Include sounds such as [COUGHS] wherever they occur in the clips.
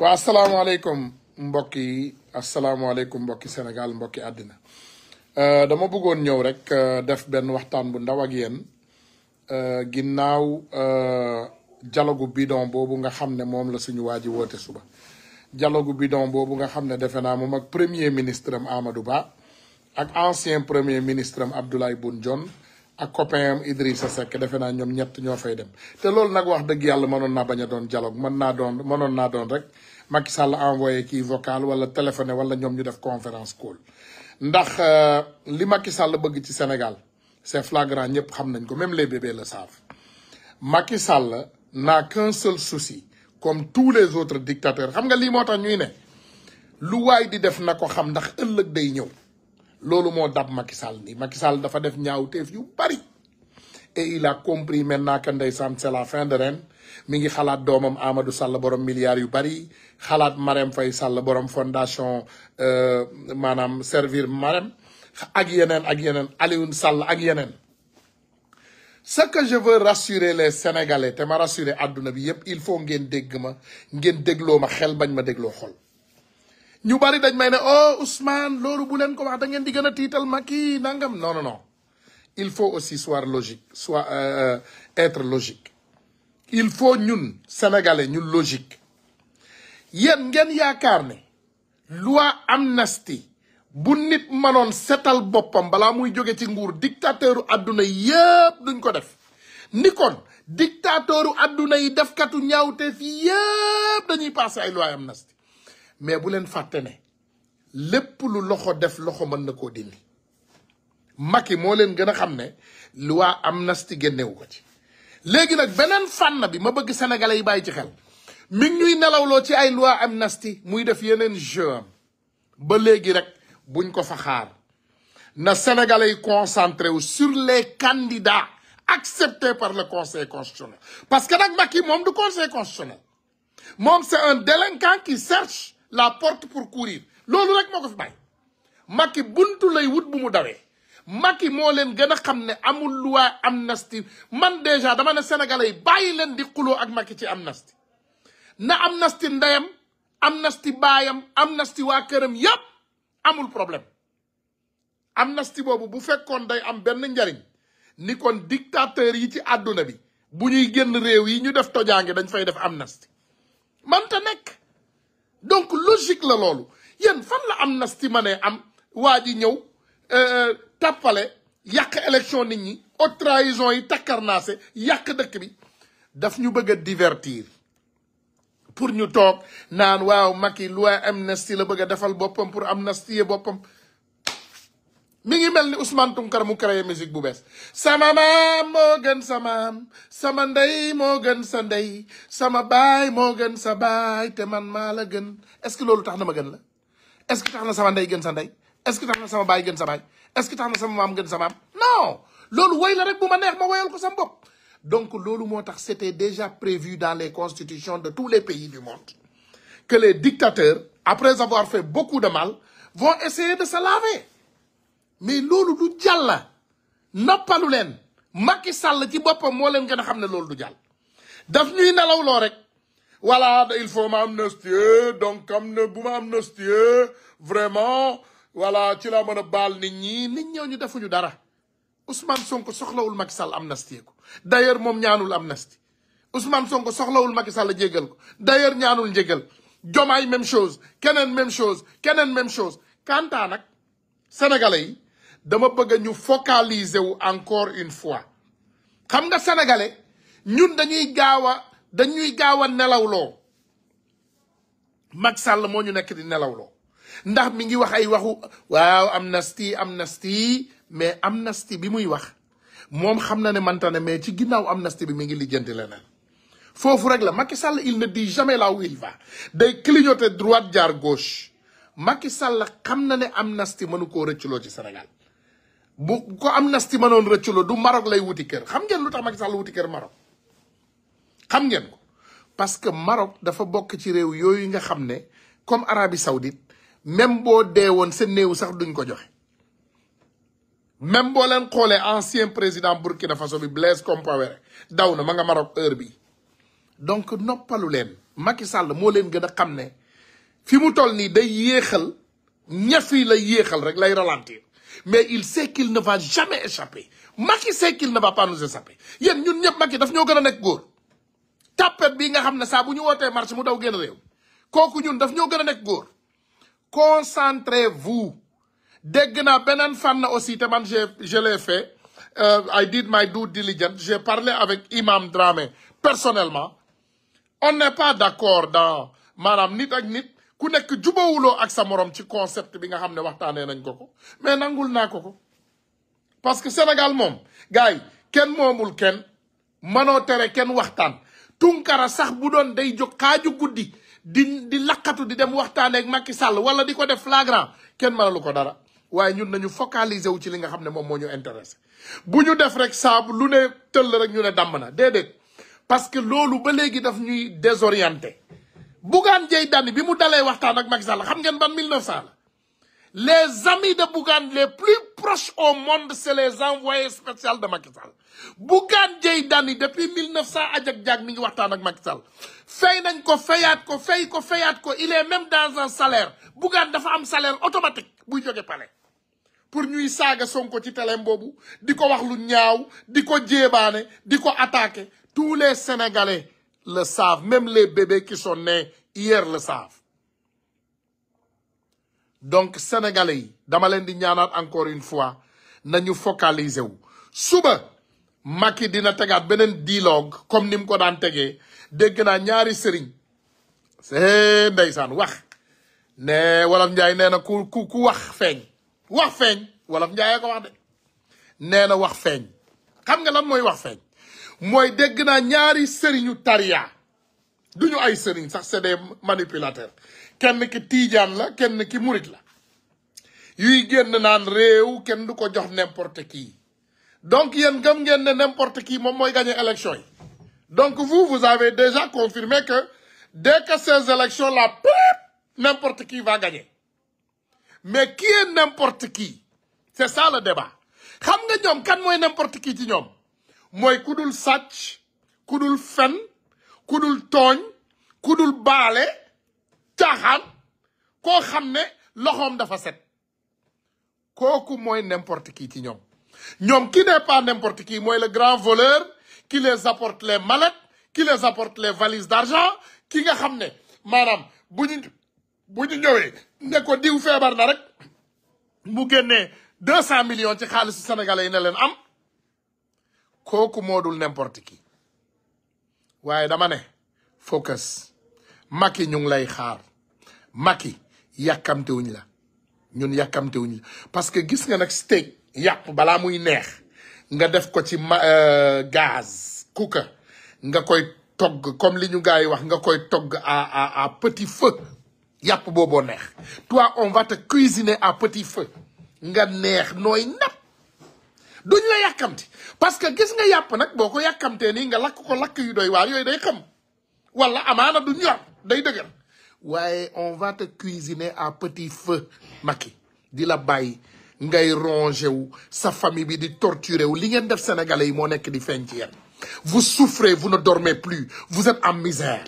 waa asalaamaaleykum mbokk yi asalaamaaleykum mbokki Sénégal mbokki àddina euh, dama bëggoon ñëw rek euh, def benn waxtaan bu ndaw ak yéen euh, ginnaaw dialogue bidon boobu nga xam ne moom la suñu waa ji woote suba dialogue bidon boobu nga xam ne defe naa moom ak premier ministre am Amadou Ba ak ancien premier ministre am Abdoulaye Boun Dionne ak copain am Idrissa Seck defe naa ñoom ñett ñoo fay dem te loolu nag wax dëgg yàlla mënoon na bañ a doon dialogue mën naa doon mënoon naa doon rek Macky Sall envoyé kii vocal wala téléphoné wala ñoom ñu def conférence kool ndax euh, li Macky Sall bëgg ci Sénégal c'est flagrant ñëpp xam nañ ko même les bébés le savent Macky Sall n'a qu'un seul comme tous les autres dictateurs xam nga lii moo tax ñuy ne lu waay di def na ko xam ndax ëllëg day ñëw loolu moo dab Macky Sall nii Macky Sall dafa def ñaawteef yu bari et il a compris maintenant que ndeysaan c'est la fin de ren mi ngi xalaat doomam Amadou Sall borom milliards yu bari xalaat Marème fay Sall borom fondation euh, maanaam servir Marème ak yeneen ak yeneen Alioune Sall ak yeneen. ce que je veux rassurer les sénégalais te ma rassurer àdduna bi yépp il faut ngeen dégg ma ngeen dégloo ma xel bañ ma dégloo xol. ñu bari dañ may ne o oh, Ousmane loolu bu leen ko wax da ngeen di gën a tiital Macky nangam non non non il faut aussi soir logique soit euh, euh logique il faut ñun sénégalais ñun logique yéen ngeen yaakaar ne loi amnistie bu nit mënoon setal boppam balaa muy jóge ci nguur dictateuru àdduna yépp duñ ko def ni kon dictateuru àdduna yi defkatu ñaawte fi yépp dañuy passé ay loi amnistie mais bu leen fàtte ne lépp lu loxo def loxo mën na koo dindi Macky moo leen gën a xam ne loi amnistie génnewu ko ci léegi nag beneen fànn bi ma bëgg sénégalais yi bàyyi ci xel mi ngi ñuy nelawloo ci ay loi amnistie muy def yeneen jeu am ba léegi rek buñ ko fa xaar na sénégalais yi concentré wu sur les candidats acceptés par le conseil constitutionnel parce que nag Macky moom du conseil constitutionnel moom c'est un délinquant qui cherche la porte pour courir loolu rek moo ko fi bàyyi Macky buntu lay wut bu mu dawee Macky moo leen gën a xam ne amul loi amnistie man déjà dama ne sénégalais yi bàyyi leen di xuloo ak makki ci amnistie na amnistie ndeyam amnistie baayam amnistie waa këram yépp amul problème amnistie boobu bu fekkoon day am benn njariñ ni kon dictateur yi ci àdduna bi bu ñuy génn réew yi ñu def tojaange dañ fay def amnistie mënta nekk donc logique la loolu yéen fan la amnistie ma ne am waa ji ñëw euh, euh, tappale yàq élection nit ñi haute trahison yi takkarnaase yàq dëkk bi daf ñu bëgg divertir pour ñu toog naan waaw Macky loi amnistie la bëgg a defal boppam pour amnistier boppam mi ngi mel ni Ousmane Tounkara mu créé musique bu bees sama maam moo gën sa maam sama ndey moo gën sa ndey sama baay moo gën sa baay te man maa la gën est-ce que loolu tax na ma gën la est-ce que tax na sama ndey gën sa ndey est-ce que tax na sama baay gën sa baay est-ce que tax na sama maam gën sa non loolu woy la rek bu ma neex ma woyal ko sam bopp donc loolu moo tax c'était déjà prévu dans les constitutions de tous les pays du monde que les dictateurs après avoir fait beaucoup de mal vont essayer de se laver mais loolu du jàll nappalu leen Macky Sall ci boppam moo leen gën a xam ne loolu du jàll daf ñuy nelawloo rek voilà il faut ma amnistie donc am na bu ma amnistie vraiment voilà ci laa ma a baal nit ñi nit ñëw ñu defuñu dara Ousmane Sonko soxlawul Macky Sall amnistie ko d'ailleurs moom ñaanul amnistie Ousmane Sonko soxlawul Macky Sall jéggal ko d'ailleurs ñaanul njéggal jomaay même chose keneen même chose keneen même chose quant nag sénégalais yi dama bëgg ñu focaliser wu encore une fois xam nga sénégalais ñun dañuy gaaw a dañuy gaaw a loo mag sàll moo ñu nekk di nelaw loo ndax mi ngi wax ay waxu waaw amnistie amnistie mais amnistie bi muy wax moom xam na ne manta ne mais ci ginnaaw amnistie bi mi ngi lijjanti leneen foofu rek la Macky Sall il ne dit jamais là où il va day clignoter droite jaar gauche Macky Sall xam na ne amnistie mënu koo rëcculoo ci Sénégal bu ko am amnistie mënoon rëcculoo du Maroc lay wuti kër xam ngeen lu tax Macky Sall wuti kër Maroc xam ngeen ko parce que Maroc dafa bokk ci réew yooyu nga xam ne comme Arabie Saoudite même boo dee woon seen néew sax duñ ko joxe même boo leen xoolee ancien président Burkina Faso bi Blaise Compaoré daw na ma nga Maroc heure bi donc noppalu leen Macky Sall moo leen gën a xam ne fi mu toll nii day yéexal ñaf yi la yéexal rek lay ralentir mais il sait qu'il ne va jamais échapper Macky sait qu'il ne va pas nous échapper yéen ñun ñëpp Macky daf ñoo gën a nekk góor tàppet bii nga xam ne saa bu ñu wootee marche mu daw génn réew kooku ñun daf ñoo gën a nekk góor concentrez-vous dégg naa beneen fànn aussi te man j'ai je l'ai fait euh, I did my due diligence j'ai parlé avec Imam Dramé personnellement on n'est pas d'accord dans maanaam nit ku nekk jubawuloo ak sa moroom ci concept bi nga xam ne waxtaanee nañ ko ko mais nangul naa ko ko parce que Sénégal moom gars yi kenn momul kenn manoo tere kenn waxtaan tunkara sax bu doon day jóg xaaju guddi di di laqatu di dem waxtaaneek Macky Sall wala di ko def flagrant kenn mënalu ko dara waaye ñun nañu focaliser wu ci li nga xam ne moom moo ñu intéressé bu ñu def rek saabu lu ne tëll rek ñu ne damm na déedéet parce que loolu ba léegi daf ñuy désorienté Bougane Gueye Dany bi mu dalee waxtaan ak Macky Sall xam ngeen ban 1900 la les amis de Bougane les plus proches au monde c'est les envoyés spéciaux de Macky Sall Bougane Gueye Dany depuis 1900 ajak jaag mi ngi waxtaan ak Macky Sall fay nañ ko fayaat ko fay ko fayaat ko il est même dans un salaire Bougane dafa am salaire automatique buy jóge palais pour ñuy saaga Sonko ci teleem mboobu di ko wax lu ñaaw di ko jébaane di ko attaquer tous les Sénégalais le savent. Même les bébés qui sont nés hier le savent. donc sénégalais yi dama leen di ñaanaat encore une fois nañu focaliser wu suba Macky dina tegaat beneen dialogue comme ni mu ko daan tegee dégg naa ñaari sëriñ see eh, ndeysaan wax ne wala njaay nee na ku ku ku wax feeñ wax feeñ wala njaayee ko wax de nee na wax feeñ xam nga lan mooy wax feeñ mooy dégg naa ñaari sëriñu tariya du ñu ay sëriñ sax c'est des manipulateurs kenn ki tiijaan la kenn ki murit la yuy génn naan réew kenn du ko jox n'importe qui donc yéen gëm ngeen ne n'importe qui moom mooy gagner élection yi donc vous vous avez déjà confirmé que de que ces élections là n'importe qui va gagner mais qui est n'importe qui c'est ça le débat xam nga ñoom kan mooy n'importe qui ci ñoom mooy ku dul sàcc fen kudul dul tooñ ku dul baale caaxaan koo xam ne loxoom dafa set kooku mooy n'importe qui ci ñoom ñoom qui n'est pas n'importe qui mooy le grand voleur qui les apporte les mallettes qui les apporte les valises d'argent ki nga xam ne maanaam bu ñu bu ñu ñëwee diw feebar na rek mu génnee deux cent millions ci xaalisu sénégalais yi ne leen am kooku moo dul n'importe qui waaye dama ne focus Macky ñu ngi lay xaar Macky yàkkamtewuñ la ñun yàkkamtewuñ la parce que gis nga nag steak yàpp balaa muy neex nga def ko ci ma euh, gaz kuka nga koy togg comme li ñu gars yi wax nga koy togg à à à petit feu yàpp booboo neex toi on va te cuisiner à petit feu nga neex nooy napp duñ la yàkkamti parce que gis nga yàpp nag boo ko yàkkamtee nii nga lakk ko lakk yu doy waar yooyu day xam wala amaana du ñor day dëgër waaye on va te cuisiner à petit feu Macky di la bàyyi ngay rongé wu sa famille bi di torturé wu li ngeen def sénégalais yi moo nekk di feeñ ci yéen vous souffrez vous ne dormez plus vous êtes en misère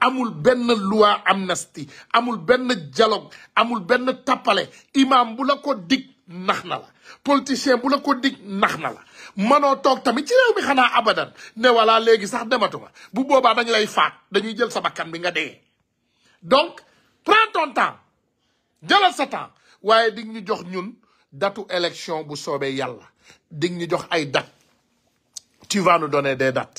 amul benn loi amnistie amul benn dialogue amul benn tappale imam bu la ko dig nax na la politicien bu la ko dig nax na la manoo toog tamit ci réew mi xanaa abadan ne voilà léegi sax dematu dematuma bu boobaa dañu lay faat dañuy jël sa bakkan bi nga dee donc prends ton temps jëlal sa temps waaye dig ñu jox ñun datu élection bu soobee yàlla dig ñu jox ay date ci vas nous donner des dat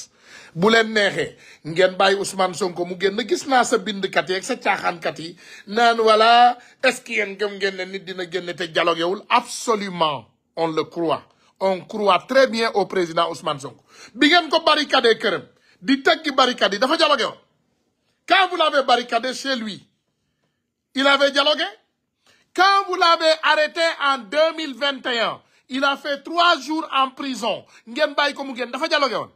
bu leen neexee ngeen bàyyi Ousmane Sonko mu génn gis naa sa bindkat yi ak sa caaxaankat yi naan voilà est-ce que yéen gëm ngeen ne nit dina génn te dialoguewul absolument on le croit on croit très bien au président Ousmane Sonko bi ngeen ko barricadé këram di teggi barricade yi dafa dialogué woon quand vous l'avez barricadé chez lui il avait dialogué quand vous l'avez arrêté en 2021 il a fait trois jours en prison ngeen bàyyi ko mu génn dafa dialogué woon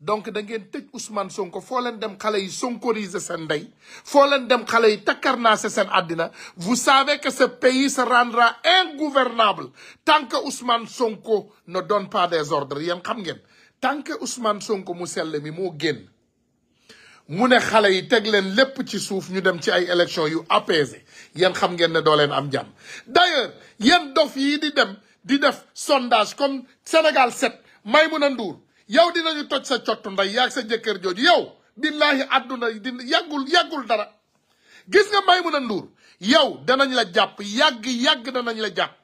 donc da ngeen tëj Ousmane Sonko foo leen dem xale yi sonkoriser seen ndey foo leen dem xale yi takkarnaase seen àddina vous savez que ce pays se rendra ingouvernable tant que Ousmane Sonko ne donne pas des ordres yen xam ngeen tant que Ousmane Sonko mu selle mi moo génn mu ne xale yi teg leen lépp ci suuf ñu dem ci ay élections yu apaisées yéen xam ngeen ne doo leen am jàmm d'ailleurs yéen dof yii di dem di def sondage comme Sénégal set may 7 Maïmouna nduur yow dinañu toj sa cottu nday yaag sa jëkkër jooju yow billaahi àdduna di yàggul yàggul dara gis nga Maymuna Nduur yow danañ la jàpp yàgg-yàgg danañ la jàpp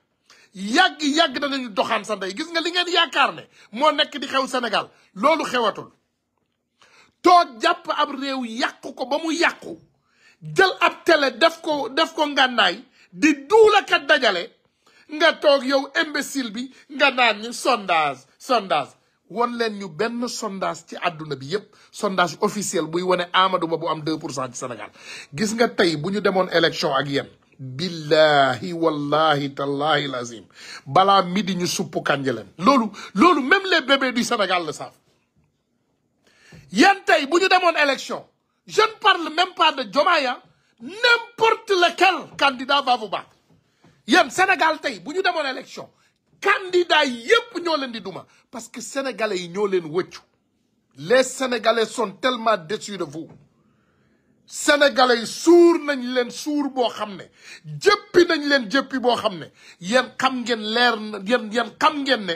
yàgg-yàgg danañu doxaan sa nday gis nga li ngeen yaakaar ne moo nekk di xew senegal loolu xewatul toog jàpp ab réew yàqu ko ba mu yàqu jël ab télé def ko def ko ngànnaay di duulakat dajale nga toog yow imbécile bi nga naan sondage sondage won leen ñu benn sondage ci àdduna bi yépp sondage officiel buy wane Amadou Ba bu am 2 pour cent ci Sénégal gis nga tey bu ñu demoon élection ak yéen billahi wallahi tallahi lazim balaa midi ñu suppu kànja leen loolu loolu même les bébés du Sénégal le savent yéen tey bu ñu demoon élection je ne parle même pas de Diomaye n'importe lequel candidat va vous battre yéen Sénégal tey bu ñu demoon élection candidat yépp ñoo leen di duma parce que sénégalais yi ñoo leen wëccu les sénégalais sont tellement déçus de vous sénégalais suur nañ leen suur boo xam ne jëppi nañ leen jëppi boo xam ne yéen xam ngeen leer na yéen yéen xam ngeen ne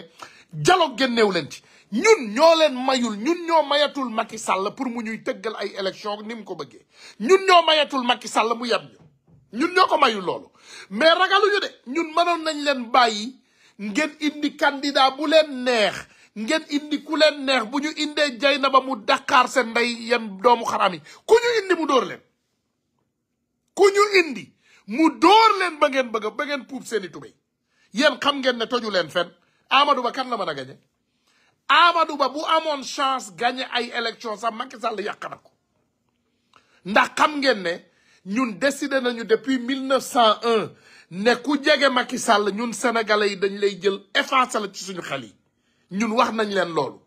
jaloo ngeen leen ci ñun ñoo leen mayul ñun ñoo mayatul Macky Sall pour mu ñuy tëggal ay élection ni mu ko bëggee ñun ñoo mayatul Macky Sall mu yab ñu ñun ñoo ko mayul loolu mais ragaluñu de ñun mënoon nañ leen bàyyi ngeen indi candidat bu leen neex ngeen indi ku leen neex bu ñu indee jay na ba mu Dakar seen ndey yeen doomu xarami yi ku ñu indi mu dóor leen ku ñu indi mu dóor leen ba ngeen bëgg ba ngeen puub seeni tubéy yéen xam ngeen ne toju leen fen Amadou Ba kan la mën a gañe Amadou Ba bu amoon chance gañe ay élection sax Macky Sall yàq na ko ndax xam ngeen ne ñun décidé nañu depuis 1901 ne ku jege Macky Sall ñun sénégalais yi dañ lay jël effacé la ci suñu xel yi ñun wax nañ leen loolu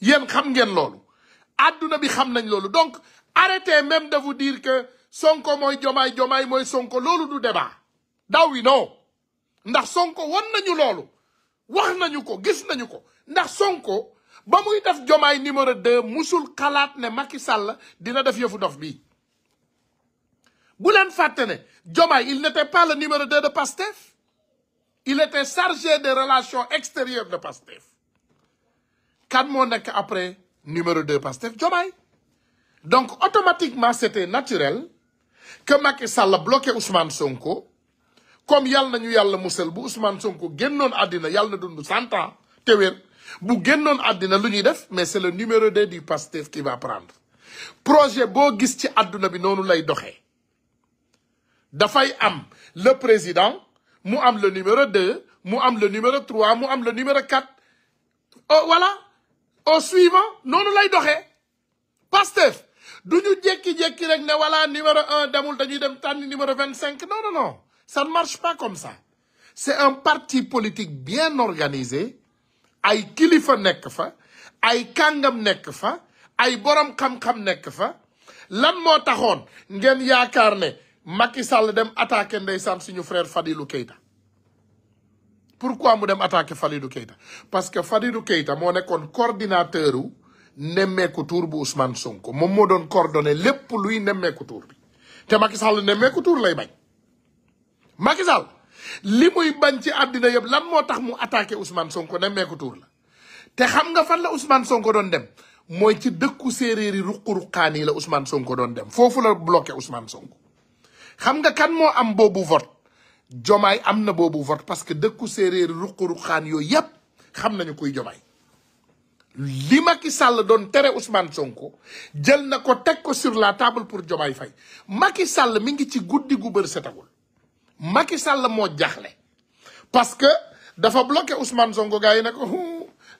yéen xam ngeen loolu adduna bi xam nañ loolu donc arrêtez même de diir dire que Sonko mooy Jomaay Jomaay mooy Sonko loolu du débat daw wi non ndax Sonko won nañu loolu wax nañu ko gis nañu ko ndax Sonko ba muy def Jomaay numéro de musul xalaat ne Macky Sall dina def yëfu dof bi bu leen fàtte ne Diomaye il n'était pas le numéro deux de Pastef il était chargé des relations extérieures de Pastef kan moo nekk après numéro deux Pastef Diomaye donc automatiquement c'était naturel que Macky Sall bloqué Ousmane Sonko comme yàlla nañu yàlla musal bu Ousmane Sonko génnoon àddina yàlla na dund cent ans te wér bu génnoon àddina lu ñuy def mais c'est le numéro deux du Pastef qui va prendre projet boo gis ci àdduna bi noonu lay doxee dafay am le président mu am le numéro 2 mu am le numéro 3 mu am le numéro 4 oh voilà au suivant noonu lay doxe Pastef du ñu jékki-jékki rek ne voilà numéro un demul dañuy dem tànn numéro vingt cinq non non ça ne marche pas comme ça c'est un parti politique bien organisé ay kilifa nekk fa ay kàngam nekk fa ay borom xam-xam nekk fa lan moo taxoon ngeen yaakaar ne. Macky Sall dem attaqué ndeysaan suñu frère Fadilou Keita pourquoi mu dem attaqué Fadilou Keita parce que Fadilou Keita moo nekkoon coordinateur u nemmeeku tour bu Ousmane Sonko moom moo doon coordonné lépp luy nemmeeku tour bi te Macky Sall nemmeeku tour lay bañ Macky Sall li muy bañ ci àddina yëpp lan moo tax mu attaqué Ousmane Sonko nemmeeku tour la te xam nga fan la Ousmane Sonko doon dem mooy ci dëkku séeréer yi ruqu ruqaan yi la Ousmane Sonko doon dem foofu la bloqué Ousmane Sonko xam nga kan moo am boobu vote jomaay am na boobu vote parce que dëkku séeréer ruq-ruqaan yooyu yépp xam nañu kuy jomaay li Macky Sall doon tere Ousmane Sonko jël na ko teg ko sur la table pour jomaay fay makki Sall mi ngi ci guddi gu bër setagul Macky Sall moo jaxle parce que dafa bloqué Ousmane Sonko gars yi ne ko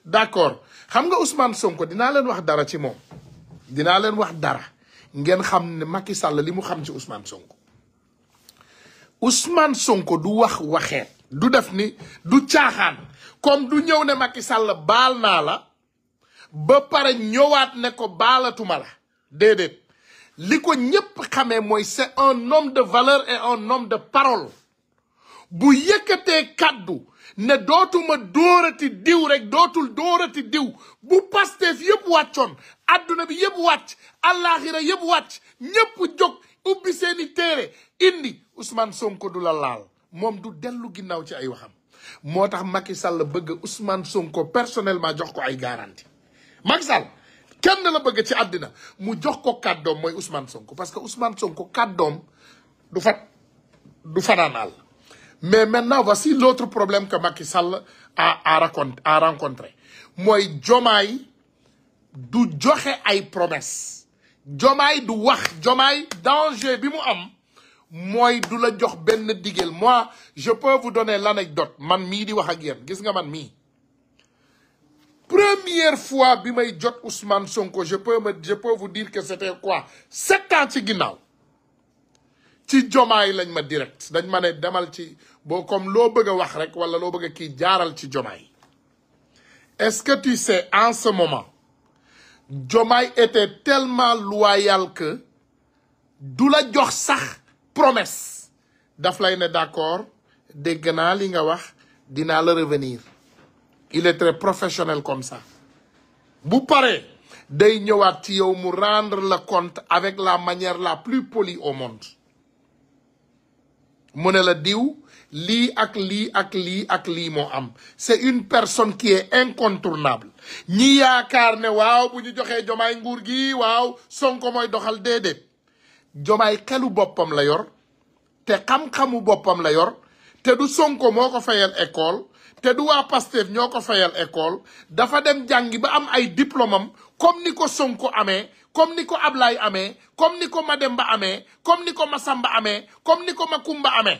d'accord xam nga Ousmane Sonko dinaa leen wax dara ci moom dinaa leen wax dara ngeen xam ne Macky Sall li mu xam ci Ousmane Sonko Ousmane Sonko du wax waxeet du def ni du caaxaan kom du ñëw ne Macky Sall baal naa la ba pare ñëwaat ne ko baalatuma la déedéet li ko ñépp xamee mooy c'est un homme de valeur et un homme de parole bu yëkkate kàddu ne dootuma dóorati diw rek dootul dóorati diw bu Pastef yëpp wàccoon adduna bi yëpp wàcc àllaaxira yëpp wàcc ñépp jóg ubbi seeni téere indi Ousmane Sonko du la laal moom du dellu ginnaaw ci ay waxam moo tax Macky Sall bëgg Ousmane Sonko personnellement jox ko ay garantie Macky Sall kenn la bëgg ci àddina mu jox ko kàddoom mooy Ousmane Sonko parce que Ousmane Sonko kàddoom du fat du fanaanaal mais maintenant voici l'autre problème que Macky Sall a a mooy jomaay du joxe ay promesse jomaay du wax jomaay danger bi mu am mooy du la jox benn digeel moi je peux vous donner l'anecdote man mii di wax ak yéen gis nga man mii première fois bi may jot Ousmane Sonko je peux me je peux vous dire que c'était quoi ci ginnaaw ci jomaay lañ ma direct dañ ma ne demal ci boo comme loo bëgg wax rek wala loo bëgg a kii jaaral ci jomaay est-ce que tu sais en ce moment Diomaye était tellement loyal que du la jox sax promesse daf lay ne d'accord dégg naa li nga wax dinaa la revenir il est très professionnel comme ça bu pare day ñëwaat ci yow mu rendre la compte avec la manière la plus poli au monde mu ne la diw lii ak lii ak lii ak lii moo am c'est une personne qui est incontournable ñi yaakaar ne waaw bu ñu joxee jomaay nguur gi waaw sonko mooy doxal déedéet jomay xelu boppam la yor te xam-xamu boppam la yor te du sonko moo ko fayal école te du waa Pastef ñoo ko fayal école dafa dem jàngi ba am ay diplôme am comme ni ko Sonko amee comme ni ko Ablaye amee comme ni ko Mademba amee comme ni ko Masamba amee comme ni ko Makumba amee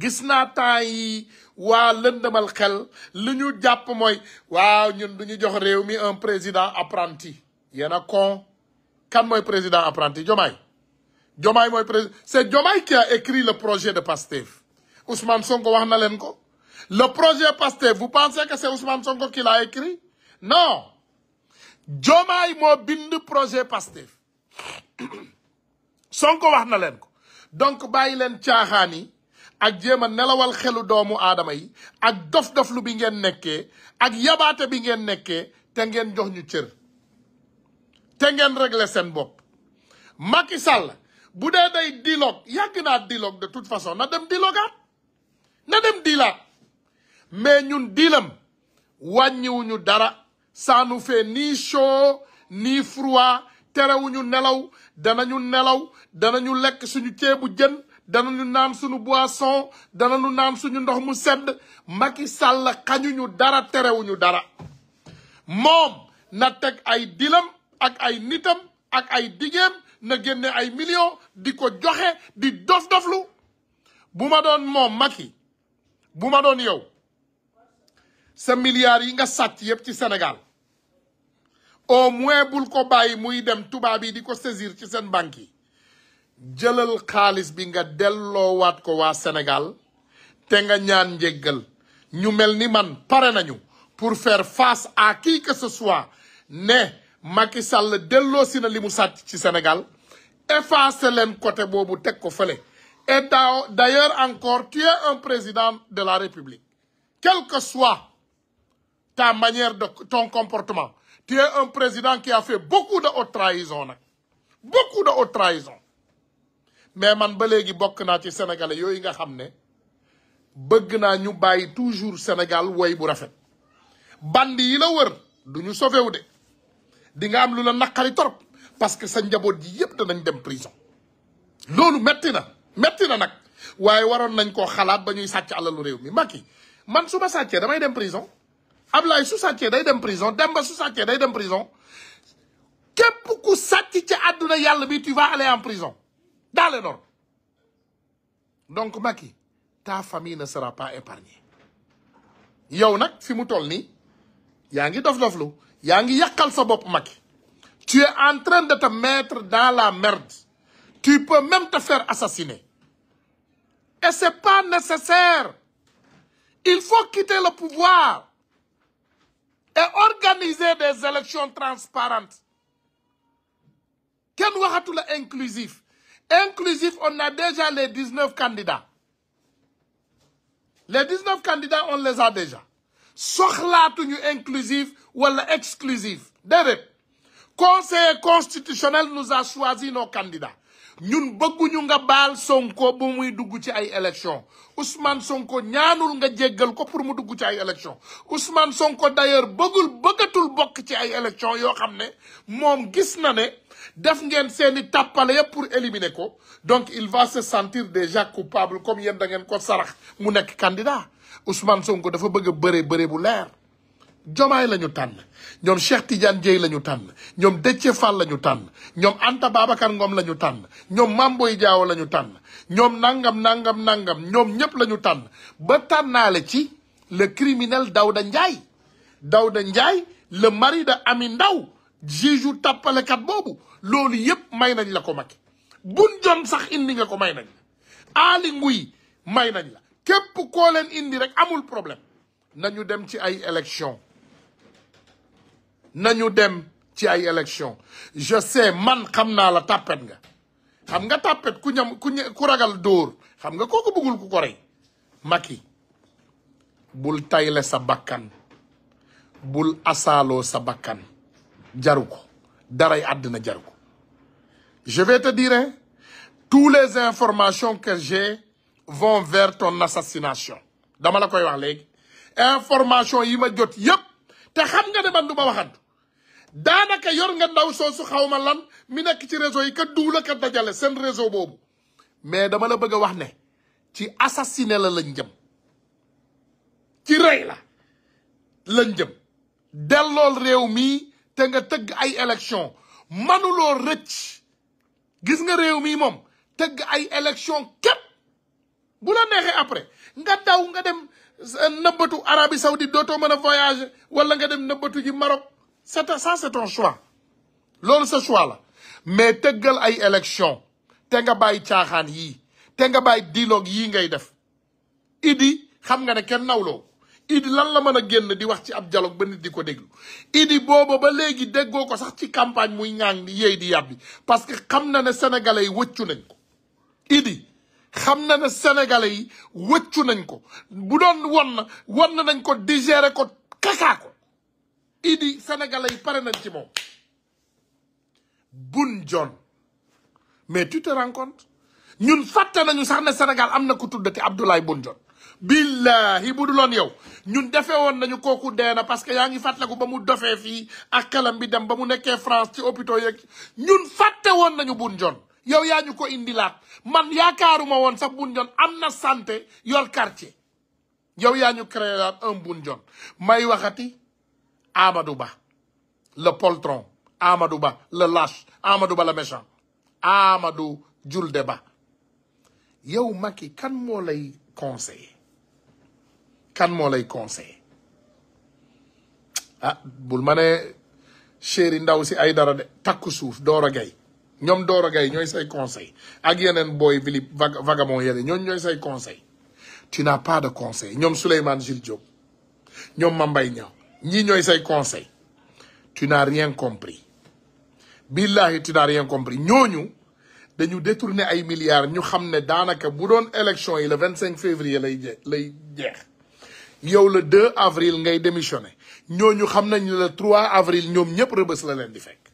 gis naa temps yi waa lëndëmal xel li ñu jàpp mooy waaw ñun du ñu jox réew mi un président apprenti yéen a kon kan mooy président apprenti Diomaye Diomaye mooy président c'est Diomaye qui a écrit le projet de Pastef Ousmane Sonko wax na leen ko le projet Pastef vous pensez que c'est Ousmane Sonko qui l'a écrit non Diomaye moo bind projet Pastef [COUGHS] Sonko wax na leen ko donc bàyyi leen caaxaan yi ak jéem a nelawal xelu doomu aadama yi ak dof-doflu bi ngeen nekkee ak yabaate bi ngeen nekkee te ngeen jox ñu cër te ngeen regle seen bopp Macky Sall bu dee day dialogue yàgg naa dialogue de toute façon na dem dialogaat na dem dilaat mais ñun dilam wàññiwuñu dara ça nous nii ni chaud ni froid terewuñu nelaw danañu nelaw danañu lekk suñu ceebu jën danañu naan suñu boisson danañu naan suñu ndox mu sedd Macky sàll xañuñu dara terewuñu dara moom na teg ay dilam ak ay nitam ak ay digéem na génne ay millions di ko joxe di dof-doflu bu ma doon moom Macky bu ma doon yow sa milliards yi nga sàcc yépp ci senegal au moins bul ko bàyyi muy dem tubaab yi di ko saisir ci seen banque yi jëlal xaalis bi nga waat ko waa Sénégal te nga ñaan njéggal ñu mel ni man pare nañu pour fair face à qui que ce soit ne Macky Sall delloosi na li mu sàcc ci Sénégal effacer leen côté boobu teg ko fële et d'ailleurs encore tu es un président de la République quelle que soit ta manière de ton comportement tu es un président qui a fait beaucoup de haute trahison nag beaucoup de haute trahison mais man ba léegi bokk naa ci sénégalais yooyu nga xam ne bëgg naa ñu bàyyi toujours Sénégal woy bu rafet bandi yi la wër du ñu sauvewu de di nga am lu la naqari torop parce que sa njaboot ji yëpp danañ dem prison loolu metti na metti na nag waaye waroon nañ koo xalaat ba ñuy sàcc alalu réew mi Macky man su ma sàccee damay dem prison Ablaye su sàccee day dem prison Demba su sàccee day dem prison képp ku sàcc ci àdduna yàlla bi tu vas aller en prison dans les normes donc Macky ta famille ne sera pas épargnée yow nag fi mu toll ni yaa ngi dof doflu yaa ngi yàqal sa bopp Macky tu es en train de dans la merde tu peux même te faire assassiner et c'est pas nécessaire il faut quitter le pouvoir et organiser des élections transparentes kenn waxatu la inclusif Inclusif, on a déjà les 19 candidats. Les 19 candidats, on les a déjà. soxlaatuñu inclusif wala exclusif déedéet conseil constitutionnel nous a choisi nos candidats ñun bëgguñu nga baal Sonko bu muy dugg ci ay élection Ousmane Sonko ñaanul nga jéggal ko pour mu dugg ci ay élection Ousmane Sonko d'ailleurs bëggul bëggatul bokk ci ay élection yoo xam ne moom gis na ne def ngeen seeni tàppale yëpp pour éliminer ko donc il va se sentir déjà coupable comme yéen da ngeen ko sarax mu nekk candidat Ousmane Sonko dafa bëgg a bëree bëree bu leer Jomaay la ñu tànn ñoom Cheikh Tidiane Dieye la ñu tànn ñoom Déthié Fall la ñu tànn ñoom Anta Babacar Ngom la ñu tànn ñoom Mamboy Diawo la ñu tànn ñoom nangam nangam nangam ñoom ñëpp la ñu tànn ba tànnaale ci le criminel daw da Daouda daw da Ndiaye le mari da Ami Ndaw juge tàppalekat boobu loolu yëpp may nañ la ko Macky buñ jom sax indi nga ko may nañ la aali nguy may nañ la képp koo indi rek amul problème nañu dem ci ay élection nañu dem ci ay élection je sais man xam naa la tappet nga xam nga tàppet ku ñam ragal dóor xam nga kooku bëggul ku ko rey Macky bul tayle sa bakkan bul asaaloo sa bakkan jaru ko daray àddina jaru ko je vais te dire tous les informations que j'ai vont vers ton assassination dama la koy wax léegi information yi ma jot yépp te xam nga ne man du ma waxantu daanaka yor nga ndaw soosu xaw lan mi nekk ci réseau yi ka duula ka dajale seen réseau boobu mais dama la bëgg a wax ne ci assassiné la lañ jëm ci rey la lañ jëm dellool réew mi te nga tëgg ay élection manuloo rëcc gis nga réew mii moom tëgg ay élection képp bu la neexee après nga daw nga dem nëbbatu arabi Saoudite dootoo mën a voyager wala nga dem nëbbatu ji Maroc c'est ça c'est ton choix loolu sa choix la mais tëggal ay élection te nga bàyyi caaxaan yi te nga bàyyi dialogue yii ngay def idi xam nga ne kenn nawloo Idi lan la mën a génn di wax ci ab dialogue ba nit di ko déglu Idi booba ba léegi déggoo ko sax ci campagne muy ñaang di yéy di yàbbi parce que xam na ne sénégalais yi wëccu nañ ko Idi xam na ne sénégalais yi wëccu nañ ko bu doon won na won nañ ko digérer ko kakaa ko Idi sénégalais yi pare nañ ci moom Boun Dionne mais tu te rends ñun fàtte nañu sax ne Sénégal am na ko tuddati Abdoulaye Boun Dionne billahi bu du loon yow ñun defee woon nañu kooku dee na parce que yaa ngi fàttaliku ba mu dofee fii ak kalam bi dem ba mu nekkee France ci hôpitaux yeeg ñun fàtte woon nañu Boun Dionne yow yaa ñu ko indilaat man yaakaaruma woon sax Boun Dionne am na santé yor quartier yow yaa ñu créé laat un Boun Dionne may waxati Amadou Ba le poltron Amadou Ba le lâche Amadou Ba le méchant Amadou Julde Ba yow Macky kan moo lay conseiller kan moo lay conseil ah bul ma ne chéri ndaw si ay dara de takku suuf Doro Gaye ñoom Doro Gaye ñooy say conseil ak yeneen booy Philippe vagabond yeneen ñoom ñooy say conseil tu pas de conseil ñoom Souleymane Jules Diop ñoom Mambay Niang ñii ñooy say conseil tu n'as rien compris billahi tu n'as rien compris ñooñu dañu détourner ay milliards ñu xam ne daanaka bu doon élection yi le vingt cinq février lay lay jeex yow le 2 avril ngay démissionné ñooñu xam nañ le 3 avril ñoom ñëpp rëbës la leen di fekk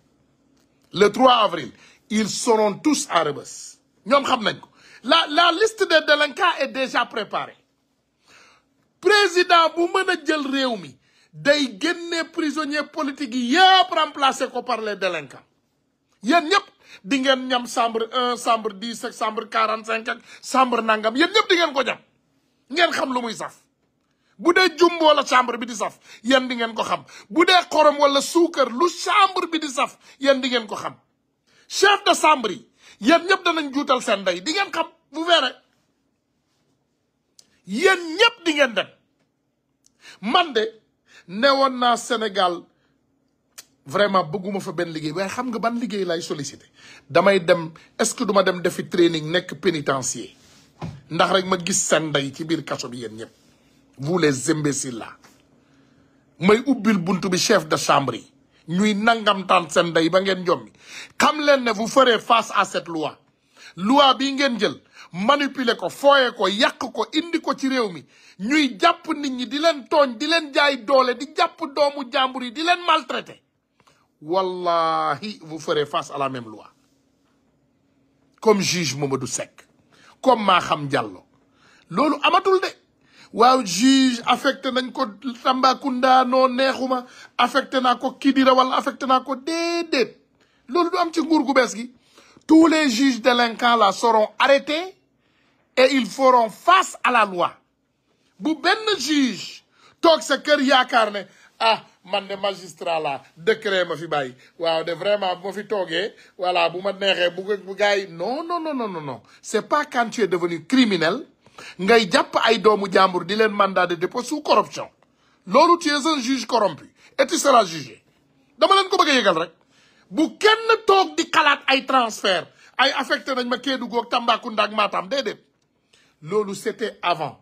le 3 avril ils seront tous à rëbës ñoom xam nañ ko la la liste des délinquants est déjà préparée président bu mën a jël réew mi day génne prisonniers politiques yi yëpp remplacé ko par les délinquants yéen ñëpp di ngeen ñam chambre un chambre dix ak quarante cinq ak chambre nangam yéen ñëpp di ngeen ko jam ngeen xam lu muy saf bu dee jum wala chambre bi di saf yéen di ngeen ko xam bu dee xorom wala suukar lu chambre bi di saf yéen di ngeen ko xam chef de chambre yi yéen ñëpp danañ juutal seen ndey di ngeen xam vous verrez yenn ñëpp di ngeen dem man de newoon naa Sénégal vraiment bëgguma fa benn liggéey waaye xam nga ban liggéey lay sollicité damay dem est-ce que duma dem defi training nekk pénitencier ndax rek ma gis seen ndey ci biir kaso bi yéen ñëpp vous les imbéciles là may ubbil bunt bi chef de chambre yi ñuy nangamtaan seen day ba ngeen jommi xam leen ne vous ferez face à cette loi loi bii ngeen jël manipuler ko fooye ko yàq ko indi ko ci réew mi ñuy jàpp nit ñi di leen tooñ di leen jaay doole di jàpp doomu jàmbur yi di leen maltraiter wallahi vous ferez face à la même loi comme juge Mamadou Seck comme Maham Diallo loolu amatul de waaw juge affecté nañ ko Tambacounda noo neexuma affecté na ko Kidira wala affecté naa ko déedéet loolu lu am ci nguur gu bees gi tous les juges délinquants là seront arrêtés et ils feront face à la loi bu benn juge toog sa kër yaakaar ne ah man de magistrat la décret ma fi bàyyi waaw de vraiment bu ma fi toogee wala bu ma neexee bu bu gars yi non non non non non c'est pas quand tu es devenu criminel ngay jàpp ay doomu jàmbur di leen mandat de dépôt sous corruption loolu tu es un juge corrompu et tu seras dama leen ko bëgg a yëgal rek bu kenn toog di xalaat ay transfert ay affecté nañ ma Kédougou ak Tambacounda ak Matam déedéet loolu c'était avant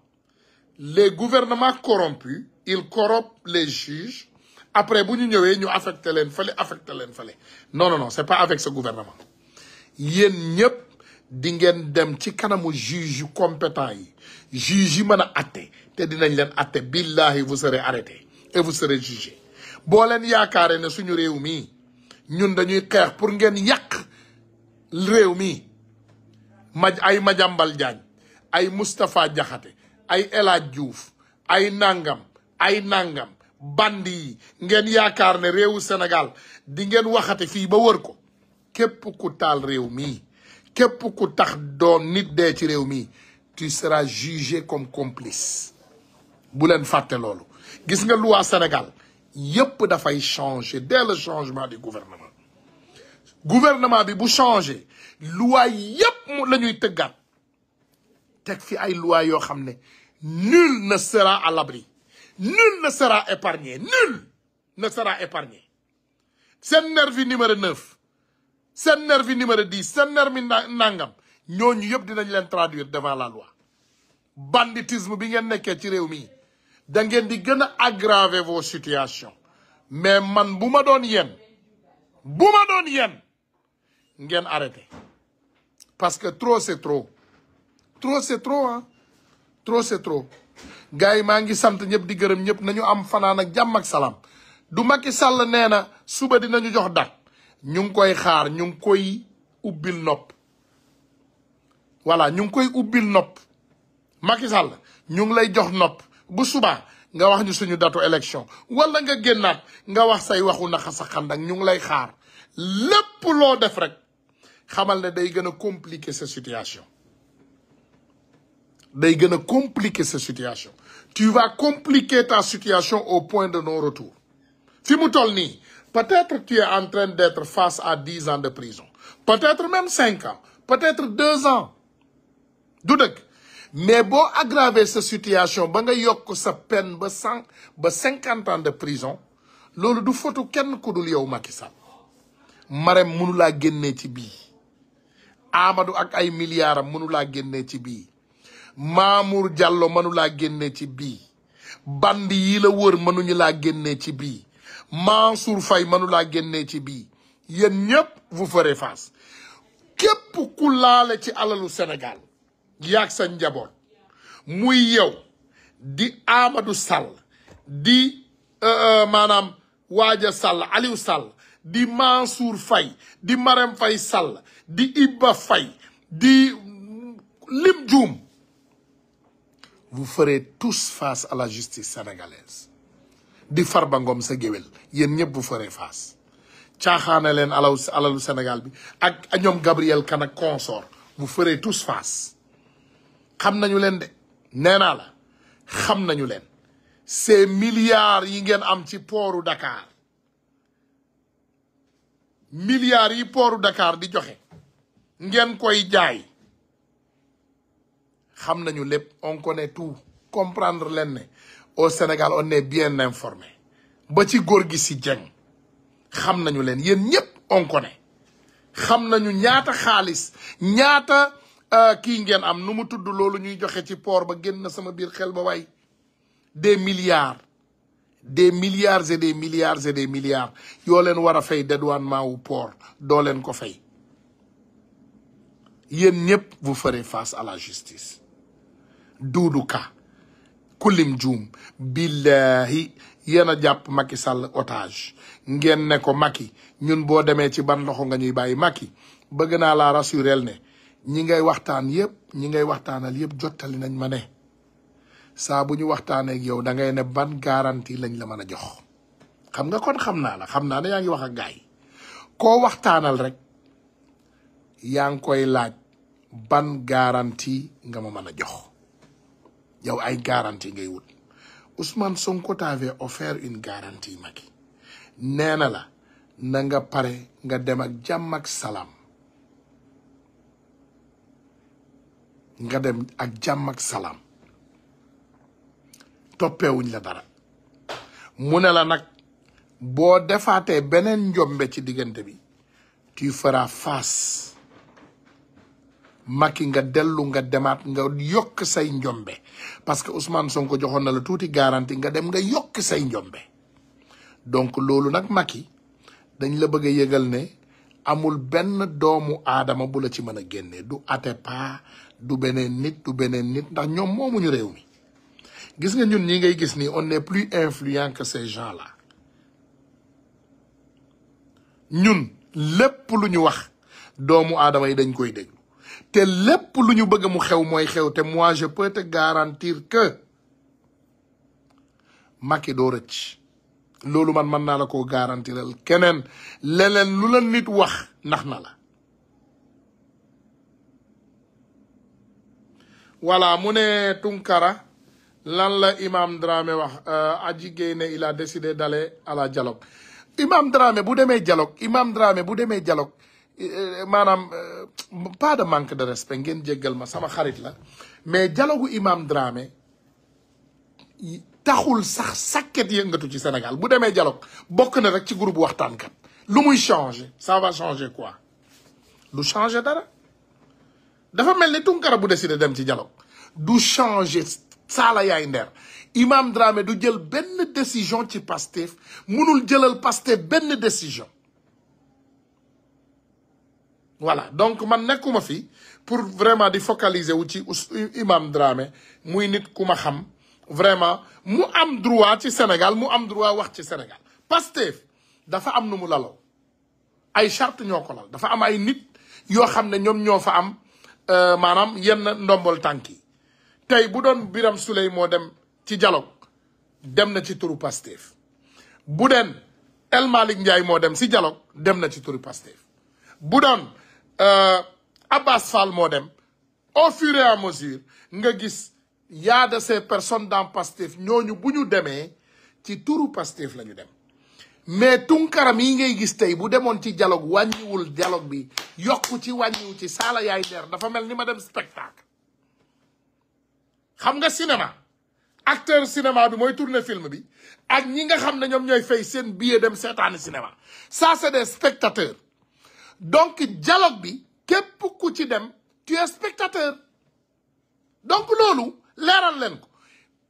les gouvernement corrompus ils corrompent les juges après bu ñu ñëwee ñu affecté leen fële affecté leen fële non non non c'est pas avec ce gouvernement yéen ñëpp di ngeen dem ci kanamu juge yu compétent yi juge yi mën a atte te dinañ leen atte billahi vous serez arrêté et vous serez jugé boo leen yaakaare ne suñu réew mii ñun dañuy xeex pour ngeen yàq réew mii maj ay Madiambal Diagne ay Moustapha Diakhaté ay El Hadj ay nangam ay nangam bandi ngeen yaakaar ne réewu Sénégal di ngeen waxate fii ba wër ko képp ku taal réew mii képp ku tax doom nit dee ci réew mi tu seras jugé comme complice bu leen fàtte loolu gis nga loi Sénégal yépp dafay changer dès le changement du gouvernement gouvernement bi bu changer loi yépp la ñuy tëggaat teg fi ay loi yoo xam ne nul ne sera à l'abri nul ne sera épargné nul ne sera épargné seen nervi numéro neuf seen nervi numéro di seen nervi nangam ñooñu yëpp dinañ leen traduire devant la loi banditisme bi ngeen nekkee ci réew mi da ngeen di gën a aggraver vos situation mais man bu ma doon yéen bu doon yéen ngeen arrêté parce que trop c'est trop trop c'est trop ah trop gars yi maa ngi sant ñëpp di gërëm ñëpp nañu am fanaan ak jàmm ak salaam du Macky Sall nee na suba dinañu jox dak ñu ngi koy xaar ñu ngi koy ubbil nopp voilà ñu ngi koy ubbil nopp makisal ñu ngi lay jox nopp bu subaa nga wax ñu suñu datu élection wala nga génnaat nga wax say waxu naxa sa xandak ñu ngi lay xaar lépp loo def rek xamal ne day gën a compliquer sa situation day gën a compliquer sa situation tu vas compliquer ta situation au point de no retour fi mu toll nii Peut-être tu es en train d'être face à dix ans de prison peut-être même cinq ans peut-être deux ans du dëgg mais boo aggraver sa situation ba nga yokk sa peine ba ba cinquante ans de prison loolu du fotu kenn ku dul yow Macky Sall Marème laa génnee ci bii Amadou ak ay milliards am laa génnee ci bii Mamour Diallo laa génnee ci bii band yii la wër mënuñu laa génnee ci bii Mansour Faye mënu laa génnee ci bii yéen ñëpp vous ferez face képp ku laale ci alalu Sénégal yaag sa njaboot muy yow di Amadou Sall di euh, euh, maanaam Waaja Sall Aliou Sall di Mansour fay di Marème fay Sall di Iba Faye di Lim Dioum vous ferez tous face à la justice sénégalaise di Farba Ngom sa géwél yéen ñëpp bu faree fas caaxaana leen alaw alalu Sénégal bi ak ñoom Gabriel Kane ak consort bu faree tous faas xam nañu leen de nee naa la xam nañu leen ces milliards yi ngeen am ci pooru Dakar milliards yi pooru Dakar di joxe ngeen koy jaay xam nañu lépp on connaît tout comprendre leen ne au Sénégal on est bien informé ba ci góor gi si jeng xam nañu leen yéen ñëpp onkoné xam nañu ñaata xaalis ñaata euh, kii ngeen am nu mu tudd loolu ñuy joxe ci port ba génn sama biir xel ba waay des milliards des milliards et des milliards et des milliards yoo leen war a fay dédouanement wu port doo leen ko fay yéen ñëpp vous ferez face à la justice Doudou Ka kulim juum billahi yenn a jàpp maki Sall otage ngeen ne ko Macky ñun boo demee ci ban loxo nga ñuy bàyyi Macky bëgg naa laa rassurel ne ñi ngay waxtaan yëpp ñi ngay waxtaanal yëpp jottali nañ ma ne saa bu ñu waxtaanee yow dangay ngay ne ban garantie lañ la mën a jox. xam nga kon xam na la xam naa ne yaa ngi wax ak gaay koo waxtaanal rek yaa ngi koy laaj ban garantie nga ma mën a jox. yow ay garantie ngay wut Ousmane Sonko t'avait offert une garantie Macky nee la na nga pare nga dem ak jàmm ak salaam nga dem ak jàmm ak salaam toppeewuñ la dara mu ne la nag boo defaatee beneen njombe ci diggante bi tu feras face Macky nga dellu nga demaat nga yokk say njombe parce que Ousmane Sonko joxoon na la tuuti garantie nga dem nga yokk say njombe donc loolu nag Macky dañ la bëgg yëgal ne amul benn doomu aadama bu la ci mën a génnee du Atepa du beneen nit du beneen nit ndax ñoom moomuñu réew mi gis nga ñun ñi ngay gis ni on est plus influent que ces gens là ñun lépp lu ñu wax doomu aadama yi dañ koy dégg te lépp lu ñu bëgg mu xew mooy xew te mois je peux te garantir que Macky doo rëcc loolu man mën naa la koo garantiral keneen leneen lu la nit wax nax na la voilà mu ne Tunkara lan la imam drame wax euh, Adji Gueye ne il a décidé d'aller à la dialogue imam Dramé bu demee dialogue imam Dramé bu demee dialogue euh, maanaam euh, pas de manque de respect ngeen jéggal ma sama xarit la mais dialogue Imam Dramé taxul sax sàkket yëngatu ci Sénégal bu demee dialogue bokk na rek ci groupe waxtaankat lu muy changer ça va changer quoi du changer dara dafa mel ni Tunkara bu décidé dem ci dialogue du changer saala yaay ndeer Imam Dramé du jël benn décision ci Pastef mënul jëlal Pastef benn décision voilà donc man nekkuma fi pour vraiment di focaliser wu ci Imam Dramé muy nit ku ma xam vraiment mu am droit ci Sénégal mu am droit wax ci Sénégal Pastef dafa am nu mu laloo ay charte ñoo lal dafa am ay nit yoo xam ne ñoom ñoo fa am euh, maanaam yenn ndombol tànk yi tey bu doon Biram Souley moo dem ci dialogue dem na ci turu Pastef bu den El Malick Ndiaye moo dem si dialogue dem na ci turu Pastef bu doon Euh, Abbas Fall moo dem au fur et à nga gis yaa de ces personnes dans Pastef ñooñu bu ñu demee ci turu Pastef la ñu dem mais tunkaram yi ngay gis tey bu demoon ci dialogue wàññiwul dialogue bi yokku ci wàññiwu ci saala yaay der dafa mel ni ma dem spectacle xam nga cinéma acteur cinéma bi mooy tourner film bi ak ñi nga xam ne ñoom ñooy fay seen billet dem seetaani cinéma ça c'est des spectateurs donc dialogue bi képp ku ci dem tu es spectateur donc loolu leeral leen ko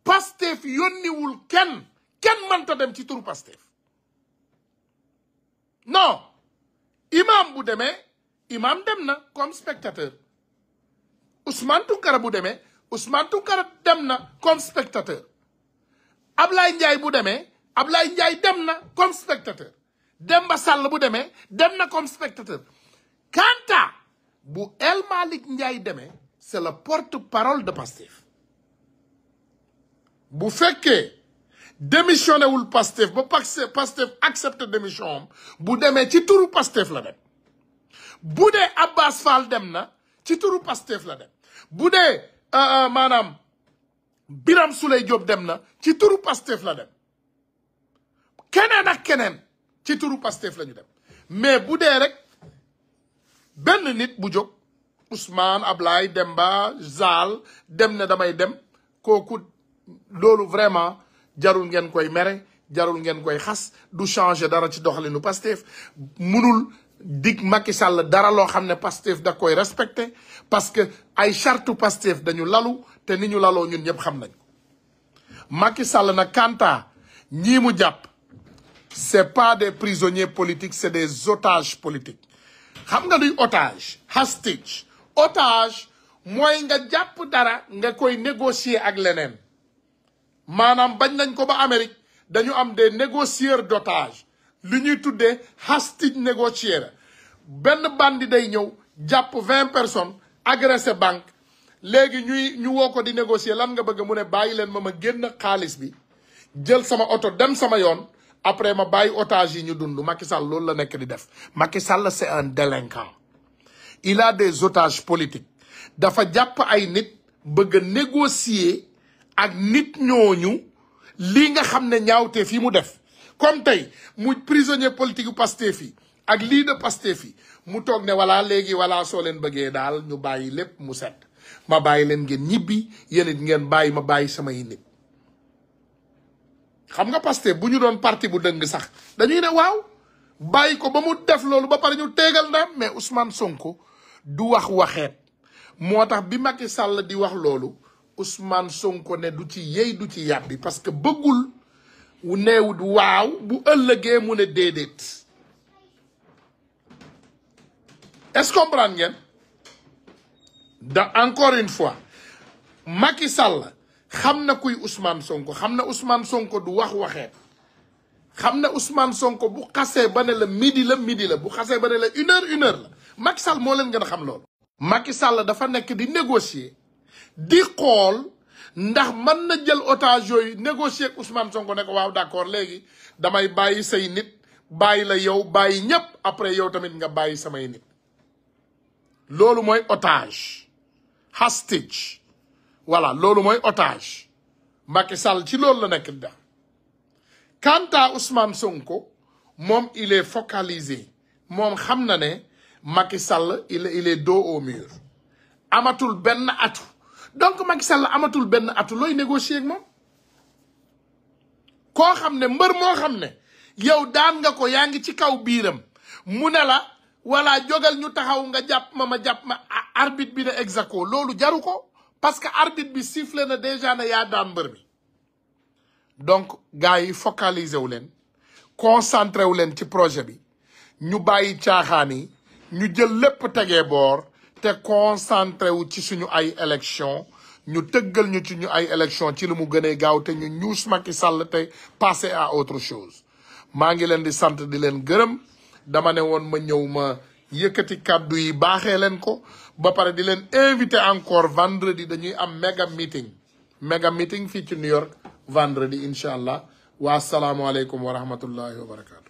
Pastef yónniwul kenn kenn mënta dem ci turu Pastef non imaam bu demee imam dem na comme spectateur Ousmane bu demee Ousmane Tounkara dem na comme spectateur Ablaye njaay bu demee ablaay njaay dem na comme spectateur Demba Sall bu demee dem na comme spectateur kanta bu El Malick Ndiaye demee c'est le porte-parole de Pastef bu fekkee démissionné wul Pastef ba Pastef accepte démission am bu demee ci turu Pastef la dem bu dee Abbas Fall dem na ci turu Pastef la dem bu dee euh, euh, maanaam Biram Souley Diop dem na ci turu Pastef la dem keneen ak keneen ci turu Pastef la ñu dem mais bu dee rek benn nit bu jóg Ousmane Ablaye Demba Zal dem ne damay dem kooku loolu vraiment jarul ngeen koy mere jarul ngeen koy xas du changer dara ci doxalinu Pastef munul dig Macky Sall dara loo xam ne Pastef da koy respecté parce que ay chartu Pastef dañu lalu te ni ñu laloo ñun ñëpp xam nañ ko Macky Sall nag kanta ñii jàpp c'est pas des prisonniers politiques c'est des otages politiques xam nga luy otage hostage otage mooy nga jàpp dara nga koy négocier ak leneen maanaam bañ nañ ko ba Amérique dañu am des négocieurs d'otage lu ñuy tuddee hostage négocier benn bandi day ñëw jàpp vingt personnes agressé banque léegi ñuy ñu woo ko di négocier lan nga bëgg mu ne bàyyi leen ma ma génn xaalis bi jël sama oto dem sama yoon après ma bàyyi otage yi ñu dund Macky Sall loolu la nekk di def Macky Sall c'est un délinquant il a des otages politiques dafa jàpp ay nit bëgg a négocier ak nit ñooñu lii nga xam ne ñaawtee fii mu def comme tey mu prisonnier politique yu Pastef fii ak lii de Pastef yi mu toog ne walaa léegi walaa soo leen bëggee daal ñu bàyyi lépp mu set ma bàyyi leen ngeen ñibbi yéen ngeen bàyyi ma bàyyi samay nit xam nga Pastef bu ñu doon parti bu dëng sax dañuy ne waaw bàyyi ko ba mu def loolu ba pare ñu tegal ndam mais Ousmane Sonko du wax waxeet moo tax bi Macky sàll di wax loolu Ousmane Sonko ne du ci yey du ci yàbbi parce que bëggul neewut waaw bu ëllëgee mu ne déedéet est-ce ngeen da encore une fois Macky sàll xam na kuy Ousmane Sonko xam na Ousmane Sonko du wax waxeet xam na Ousmane Sonko bu xasee ba ne la midi la midi la bu xasee ba ne la une heure une heure la Macky Sall moo leen gën a xam loolu. Macky Sall dafa nekk di négocier di xool ndax mën na jël otage yooyu négocier ak Ousmane Sonko ne ko waaw d'accord léegi damay bàyyi say nit bàyyi la yow bàyyi ñëpp après yow tamit nga bàyyi samay nit loolu mooy otage hostage. voilà loolu mooy otage Macky ci loolu la nekk da kanta à Ousmane Sonko moom il est focalisé moom xam na ne Macky Sall il il est dos au mur amatul benn atu donc Macky Sall amatul benn atu looy négocier ak moom koo xam ne mbër moo xam ne yow daan nga ko yaa ngi ci kaw biiram mu ne la wala jogal ñu taxaw nga jàpp ma ma jàpp ma arbitre bi de ex loolu jaru ko parce que arbitre bi sifflé na déjà ne yaa daan mbër mi donc gars yi focaliser wu leen concentré wu leen ci projet bi ñu bàyyi caaxaan yi ñu jël lépp tegee boor te concentré wu ci suñu ay élection ñu tëggal ñu ci ñu ay élection ci lu mu gënee gaaw te ñu ñuus Macky Sall te passer à autre chose maa ngi leen di sant di leen gërëm dama ne woon ma ñëw ma yëkkati kàddu yi baaxee leen ko ba pare di leen invité encore vendredi dañuy am méga meeting méga meeting fii ci New York vendredi incha allah wa asalaamualeykum wa rahmatullahi wa barakatu